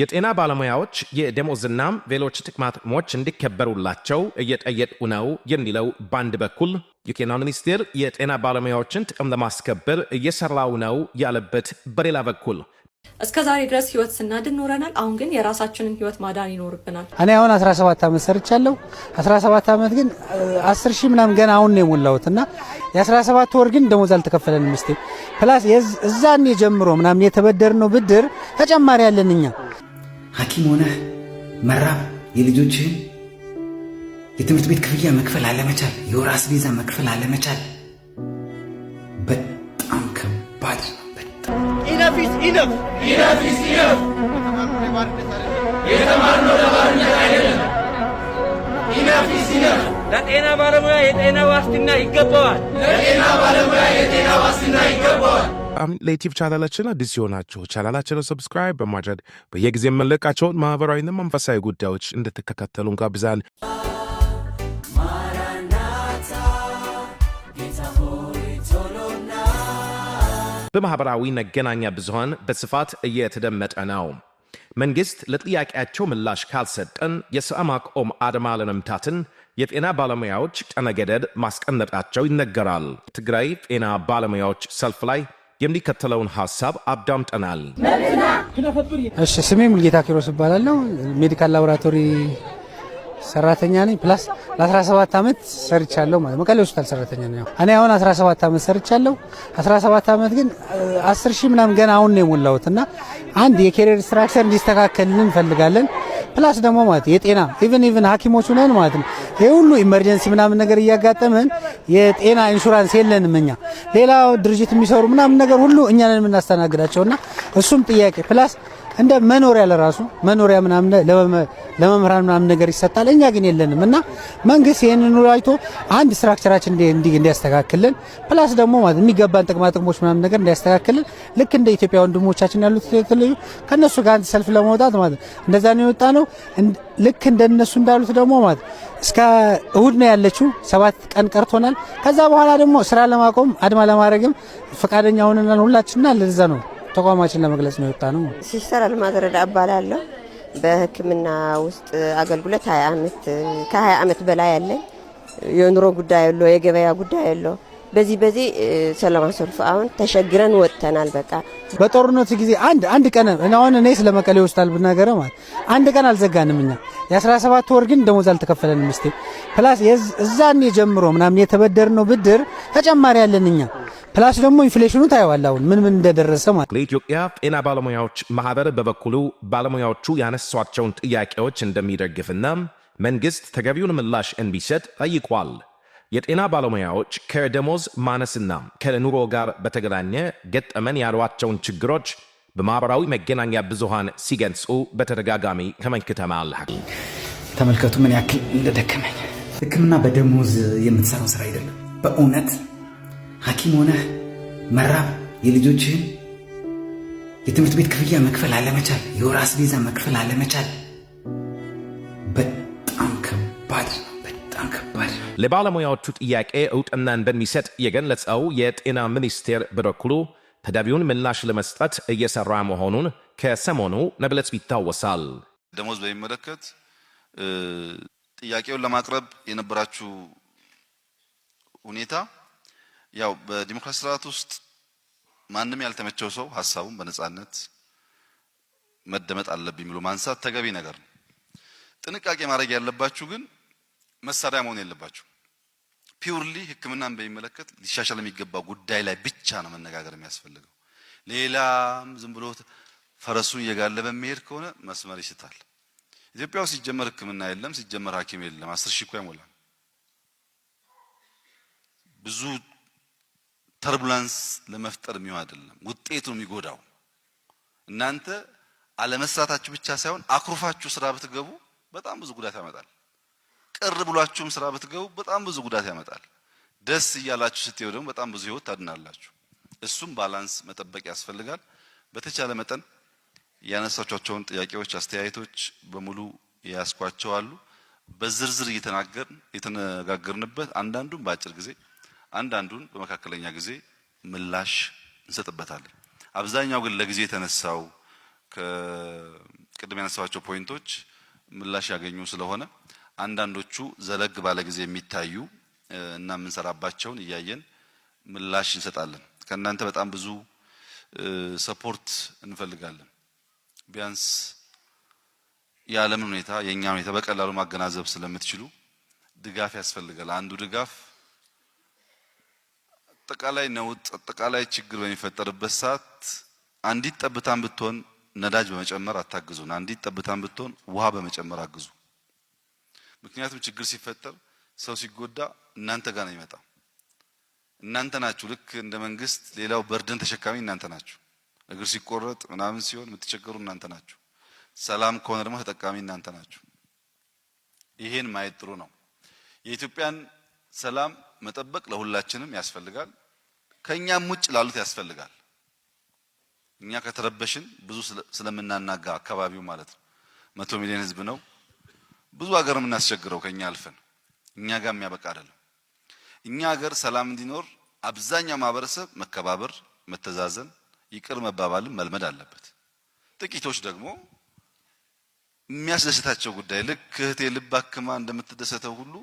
የጤና ባለሙያዎች የደሞዝና ሌሎች ጥቅማጥቅሞች እንዲከበሩላቸው እየጠየቁ ነው የሚለው በአንድ በኩል የጤና ሚኒስቴር የጤና ባለሙያዎችን ጥቅም ለማስከበር እየሰራው ነው ያለበት በሌላ በኩል እስከ ዛሬ ድረስ ህይወት ስናድን ኖረናል። አሁን ግን የራሳችንን ህይወት ማዳን ይኖርብናል። እኔ አሁን 17 ዓመት ሰርቻለሁ። 17 ዓመት ግን 10 ሺህ ምናምን ገና አሁን ነው የሞላሁት እና የ17 ወር ግን ደሞዝ አልተከፈለን ምስቴ ፕላስ እዛን የጀምሮ ምናምን የተበደርነው ብድር ተጨማሪ ያለን እኛ ሐኪም ሆነህ መራብ፣ የልጆችህን የትምህርት ቤት ክፍያ መክፈል አለመቻል፣ የወር አስቤዛ መክፈል አለመቻል ይነፍ ይነፍ የተማርነው ለባርነት አይደለም። ይነፍ ለጤና ባለሙያ የጤና ዋስትና ይገባዋል። ለጤና ባለሙያ የጤና ዋስትና ይገባዋል። ቻናላችን አዲስ ሲሆናችሁ ቻናላችንን ሰብስክራይብ በማድረግ በየጊዜ የምንለቃቸውን ማህበራዊና መንፈሳዊ ጉዳዮች እንድትከታተሉ እንጋብዛለን። በማኅበራዊ መገናኛ ብዙሃን በስፋት እየተደመጠ ነው። መንግሥት ለጥያቄያቸው ምላሽ ካልሰጠን የሥራ ማቆም አድማ ለመምታትን የጤና ባለሙያዎች ቀነ ገደብ ማስቀመጣቸው ይነገራል። ትግራይ ጤና ባለሙያዎች ሰልፍ ላይ የሚከተለውን ሀሳብ አዳምጠናል። ስሜ ሙልጌታ ኪሮስ ይባላል ነው ሜዲካል ላቦራቶሪ ሰራተኛ ነኝ። ፕላስ ለ17 ዓመት ሰርቻለሁ ማለት መቀሌ ሆስፒታል ሰራተኛ ነኝ። እኔ አሁን 17 ዓመት ሰርቻለሁ። 17 ዓመት ግን 10 ሺህ ምናምን ገና አሁን ነው የሞላሁት እና አንድ የኬሪየር ስትራክቸር እንዲስተካከልን እንፈልጋለን። ፕላስ ደግሞ ማለት የጤና ኢቭን ኢቭን ሐኪሞቹ ነን ማለት ነው። ይሄ ሁሉ ኢመርጀንሲ ምናምን ነገር እያጋጠመን የጤና ኢንሹራንስ የለንም እኛ። ሌላ ድርጅት የሚሰሩ ምናምን ነገር ሁሉ እኛን የምናስተናግዳቸውና እሱም ጥያቄ ፕላስ እንደ መኖሪያ ለራሱ መኖሪያ ምናምን ለመምህራን ምናምን ነገር ይሰጣል። እኛ ግን የለንም እና መንግስት ይህንን አይቶ አንድ ስትራክቸራችን እንዲያስተካክልን ፕላስ ደግሞ ማለት የሚገባን ጥቅማ ጥቅሞች ምናምን ነገር እንዲያስተካክልን ልክ እንደ ኢትዮጵያ ወንድሞቻችን ያሉት የተለዩ ከእነሱ ጋር አንድ ሰልፍ ለመውጣት ማለት እንደዛ ነው የወጣ ነው። ልክ እንደነሱ እንዳሉት ደግሞ ማለት እስከ እሁድ ነው ያለችው፣ ሰባት ቀን ቀርቶናል። ከዛ በኋላ ደግሞ ስራ ለማቆም አድማ ለማድረግም ፈቃደኛ ሆነናል ሁላችንና ለዛ ነው ተቋማችን ለመግለጽ ነው የወጣ ነው። ሲስተር አልማዝ ረዳ እባላለሁ። በሕክምና ውስጥ አገልግሎት ከሀያ ዓመት በላይ ያለኝ የኑሮ ጉዳይ ያለው የገበያ ጉዳይ ያለው በዚህ በዚህ ሰላማዊ ሰልፍ አሁን ተሸግረን ወጥተናል። በቃ በጦርነቱ ጊዜ አንድ አንድ ቀን አሁን እኔ ስለ መቀሌ ሆስፒታል ብናገረ ማለት አንድ ቀን አልዘጋንም እኛ የ17 ወር ግን ደሞዝ አልተከፈለንም። እስቲ ፕላስ እዛን ጀምሮ ምናምን የተበደርነው ብድር ተጨማሪ ያለን እኛ ፕላስ ደግሞ ኢንፍሌሽኑ ታየዋል አሁን ምን ምን እንደደረሰ ማለት። ለኢትዮጵያ ጤና ባለሙያዎች ማህበር በበኩሉ ባለሙያዎቹ ያነሷቸውን ጥያቄዎች እንደሚደግፍና መንግስት ተገቢውን ምላሽ እንዲሰጥ ጠይቋል። የጤና ባለሙያዎች ከደሞዝ ማነስና ከኑሮ ጋር በተገናኘ ገጠመን ያሏቸውን ችግሮች በማኅበራዊ መገናኛ ብዙሃን ሲገልጹ በተደጋጋሚ ተመልክተናል። ተመልከቱ ምን ያክል እንደደከመኝ። ሕክምና በደሞዝ የምትሰራው ስራ አይደለም። በእውነት ሐኪም ሆነህ መራብ፣ የልጆችህን የትምህርት ቤት ክፍያ መክፈል አለመቻል፣ የወር አስቤዛ መክፈል አለመቻል በጣም ከባድ ነው። በጣም ከባድ ለባለሙያዎቹ ጥያቄ እውጥናን በሚሰጥ የገለጸው የጤና ሚኒስቴር በበኩሉ ተገቢውን ምላሽ ለመስጠት እየሰራ መሆኑን ከሰሞኑ ነብለጽ ይታወሳል። ደሞዝ በሚመለከት ጥያቄውን ለማቅረብ የነበራችሁ ሁኔታ ያው በዲሞክራሲ ስርዓት ውስጥ ማንም ያልተመቸው ሰው ሀሳቡን በነጻነት መደመጥ አለብኝ ብሎ ማንሳት ተገቢ ነገር ነው። ጥንቃቄ ማድረግ ያለባችሁ ግን መሳሪያ መሆን የለባችሁ ፒውርሊ ህክምናን በሚመለከት ሊሻሻል የሚገባ ጉዳይ ላይ ብቻ ነው መነጋገር የሚያስፈልገው። ሌላም ዝም ብሎ ፈረሱን እየጋለበ የሚሄድ ከሆነ መስመር ይስታል። ኢትዮጵያ ውስጥ ሲጀመር ህክምና የለም፣ ሲጀመር ሐኪም የለም። አስር ሺህ እኮ አይሞላም። ብዙ ተርቡላንስ ለመፍጠር የሚሆን አይደለም፣ ውጤቱ የሚጎዳው እናንተ አለመስራታችሁ ብቻ ሳይሆን አኩርፋችሁ ስራ ብትገቡ በጣም ብዙ ጉዳት ያመጣል። ቅር ብሏችሁም ስራ ብትገቡ በጣም ብዙ ጉዳት ያመጣል። ደስ እያላችሁ ስትሄዱ ደግሞ በጣም ብዙ ህይወት ታድናላችሁ። እሱም ባላንስ መጠበቅ ያስፈልጋል። በተቻለ መጠን ያነሳቸውን ጥያቄዎች፣ አስተያየቶች በሙሉ የያዝኳቸው አሉ። በዝርዝር እየተናገርን የተነጋገርንበት አንዳንዱን በአጭር ጊዜ አንዳንዱን በመካከለኛ ጊዜ ምላሽ እንሰጥበታለን። አብዛኛው ግን ለጊዜ የተነሳው ከቅድም ያነሳቸው ፖይንቶች ምላሽ ያገኙ ስለሆነ አንዳንዶቹ ዘለግ ባለ ጊዜ የሚታዩ እና የምንሰራባቸውን እያየን ምላሽ እንሰጣለን። ከእናንተ በጣም ብዙ ሰፖርት እንፈልጋለን። ቢያንስ የዓለምን ሁኔታ የእኛን ሁኔታ በቀላሉ ማገናዘብ ስለምትችሉ ድጋፍ ያስፈልጋል። አንዱ ድጋፍ አጠቃላይ ነውጥ፣ አጠቃላይ ችግር በሚፈጠርበት ሰዓት አንዲት ጠብታን ብትሆን ነዳጅ በመጨመር አታግዙን። አንዲት ጠብታን ብትሆን ውሃ በመጨመር አግዙ። ምክንያቱም ችግር ሲፈጠር ሰው ሲጎዳ እናንተ ጋር ነው የሚመጣው። እናንተ ናችሁ ልክ እንደ መንግስት ሌላው በርደን ተሸካሚ እናንተ ናችሁ። እግር ሲቆረጥ ምናምን ሲሆን የምትቸገሩ እናንተ ናችሁ። ሰላም ከሆነ ደግሞ ተጠቃሚ እናንተ ናችሁ። ይሄን ማየት ጥሩ ነው። የኢትዮጵያን ሰላም መጠበቅ ለሁላችንም ያስፈልጋል። ከእኛም ውጭ ላሉት ያስፈልጋል። እኛ ከተረበሽን ብዙ ስለምናናጋ አካባቢው ማለት ነው። መቶ ሚሊዮን ህዝብ ነው። ብዙ ሀገር የምናስቸግረው ከኛ አልፈን እኛ ጋር የሚያበቃ አይደለም። እኛ ሀገር ሰላም እንዲኖር አብዛኛው ማህበረሰብ መከባበር፣ መተዛዘን፣ ይቅር መባባልን መልመድ አለበት። ጥቂቶች ደግሞ የሚያስደስታቸው ጉዳይ ልክ እህቴ ልብ አክማ እንደምትደሰተው ሁሉ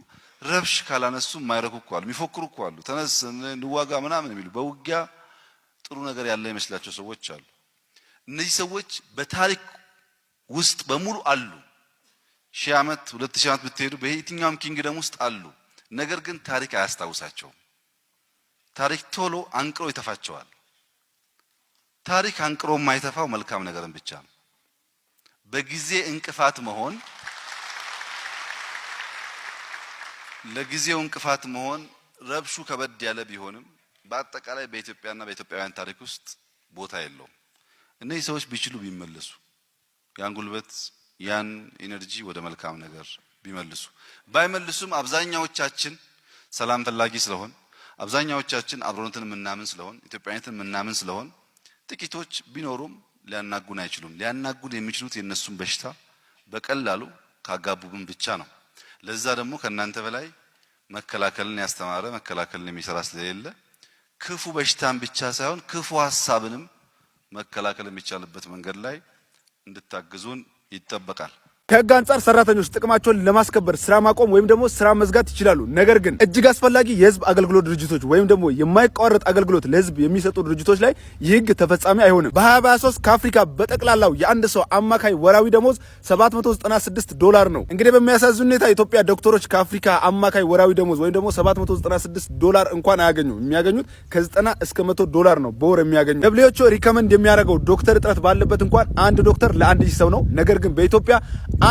ረብሽ ካላነሱ የማይረኩ እኮ አሉ፣ የሚፎክሩ እኮ አሉ። ተነስ እንዋጋ ምናምን የሚሉ በውጊያ ጥሩ ነገር ያለ ይመስላቸው ሰዎች አሉ። እነዚህ ሰዎች በታሪክ ውስጥ በሙሉ አሉ። ሺህ ዓመት ሁለት ሺህ ዓመት ብትሄዱ በየትኛውም ኪንግደም ውስጥ አሉ። ነገር ግን ታሪክ አያስታውሳቸውም። ታሪክ ቶሎ አንቅሮ ይተፋቸዋል። ታሪክ አንቅሮ የማይተፋው መልካም ነገርን ብቻ ነው። በጊዜ እንቅፋት መሆን ለጊዜው እንቅፋት መሆን ረብሹ ከበድ ያለ ቢሆንም በአጠቃላይ በኢትዮጵያና በኢትዮጵያውያን ታሪክ ውስጥ ቦታ የለውም። እነዚህ ሰዎች ቢችሉ ቢመለሱ ያን ጉልበት ያን ኢነርጂ ወደ መልካም ነገር ቢመልሱ። ባይመልሱም አብዛኛዎቻችን ሰላም ፈላጊ ስለሆን፣ አብዛኛዎቻችን አብሮነትን የምናምን ስለሆን፣ ኢትዮጵያዊነትን የምናምን ስለሆን ጥቂቶች ቢኖሩም ሊያናጉን አይችሉም። ሊያናጉን የሚችሉት የእነሱን በሽታ በቀላሉ ካጋቡብን ብቻ ነው። ለዛ ደግሞ ከእናንተ በላይ መከላከልን ያስተማረ መከላከልን የሚሰራ ስለሌለ ክፉ በሽታን ብቻ ሳይሆን ክፉ ሀሳብንም መከላከል የሚቻልበት መንገድ ላይ እንድታግዙን ይጠበቃል። ከህግ አንጻር ሰራተኞች ጥቅማቸውን ለማስከበር ስራ ማቆም ወይም ደግሞ ስራ መዝጋት ይችላሉ። ነገር ግን እጅግ አስፈላጊ የህዝብ አገልግሎት ድርጅቶች ወይም ደግሞ የማይቋረጥ አገልግሎት ለህዝብ የሚሰጡ ድርጅቶች ላይ ይህ ህግ ተፈጻሚ አይሆንም። በ2023 ከአፍሪካ በጠቅላላው የአንድ ሰው አማካይ ወራዊ ደሞዝ 796 ዶላር ነው። እንግዲህ በሚያሳዝን ሁኔታ ኢትዮጵያ ዶክተሮች ከአፍሪካ አማካይ ወራዊ ደሞዝ ወይም ደግሞ 796 ዶላር እንኳን አያገኙ። የሚያገኙት ከ90 እስከ 100 ዶላር ነው በወር የሚያገኙ። ደብሊውኤችኦ ሪከመንድ የሚያደርገው ዶክተር እጥረት ባለበት እንኳን አንድ ዶክተር ለአንድ ሰው ነው። ነገር ግን በኢትዮጵያ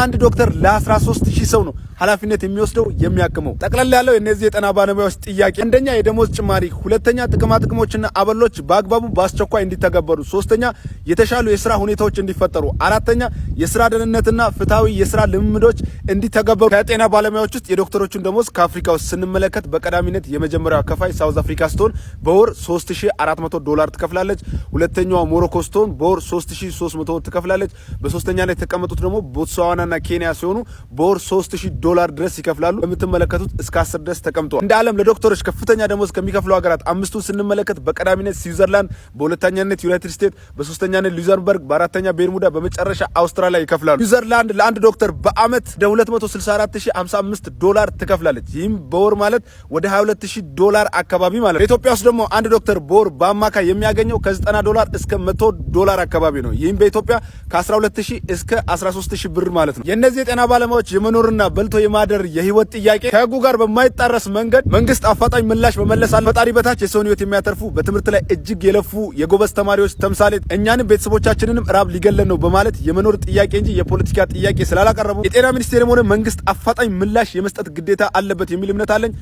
አንድ ዶክተር ለ13000 ሰው ነው ኃላፊነት የሚወስደው የሚያክመው። ጠቅለል ያለው የእነዚህ የጤና ባለሙያዎች ጥያቄ አንደኛ የደሞዝ ጭማሪ፣ ሁለተኛ ጥቅማጥቅሞችና አበሎች በአግባቡ በአስቸኳይ እንዲተገበሩ፣ ሶስተኛ የተሻሉ የስራ ሁኔታዎች እንዲፈጠሩ፣ አራተኛ የስራ ደህንነትና ፍትሐዊ የስራ ልምምዶች እንዲተገበሩ። ከጤና ባለሙያዎች ውስጥ የዶክተሮቹን ደሞዝ ከአፍሪካ ውስጥ ስንመለከት በቀዳሚነት የመጀመሪያው ከፋይ ሳውዝ አፍሪካ ስትሆን በወር 3400 ዶላር ትከፍላለች። ሁለተኛዋ ሞሮኮ ስትሆን በወር 3300 ትከፍላለች። በሶስተኛ ላይ የተቀመጡት ደግሞ ቦትስዋናና ኬንያ ሲሆኑ በወር 3000 ዶላር ድረስ ይከፍላሉ። በምትመለከቱት እስከ አስር ድረስ ተቀምጠዋል። እንደ ዓለም ለዶክተሮች ከፍተኛ ደሞዝ ከሚከፍሉ ሀገራት አምስቱን ስንመለከት በቀዳሚነት ስዊዘርላንድ፣ በሁለተኛነት ዩናይትድ ስቴትስ፣ በሶስተኛነት ሉክዘምበርግ፣ በአራተኛ ቤርሙዳ፣ በመጨረሻ አውስትራሊያ ይከፍላሉ። ስዊዘርላንድ ለአንድ ዶክተር በአመት ለ264055 ዶላር ትከፍላለች። ይህም በወር ማለት ወደ 22000 ዶላር አካባቢ ማለት ነው። ኢትዮጵያ ውስጥ ደግሞ አንድ ዶክተር በወር በአማካይ የሚያገኘው ከ90 ዶላር እስከ 100 ዶላር አካባቢ ነው። ይህም በኢትዮጵያ ከ12000 እስከ 13000 ብር ማለት ነው። የእነዚህ የጤና ባለሙያዎች የመኖርና በልቶ የማደር የህይወት ጥያቄ ከህጉ ጋር በማይጣረስ መንገድ መንግስት አፋጣኝ ምላሽ በመለስ ፈጣሪ በታች የሰውን ህይወት የሚያተርፉ በትምህርት ላይ እጅግ የለፉ የጎበዝ ተማሪዎች ተምሳሌት እኛንም ቤተሰቦቻችንንም ራብ ሊገለን ነው በማለት የመኖር ጥያቄ እንጂ የፖለቲካ ጥያቄ ስላላቀረቡ የጤና ሚኒስቴርም ሆነ መንግስት አፋጣኝ ምላሽ የመስጠት ግዴታ አለበት የሚል እምነት አለኝ።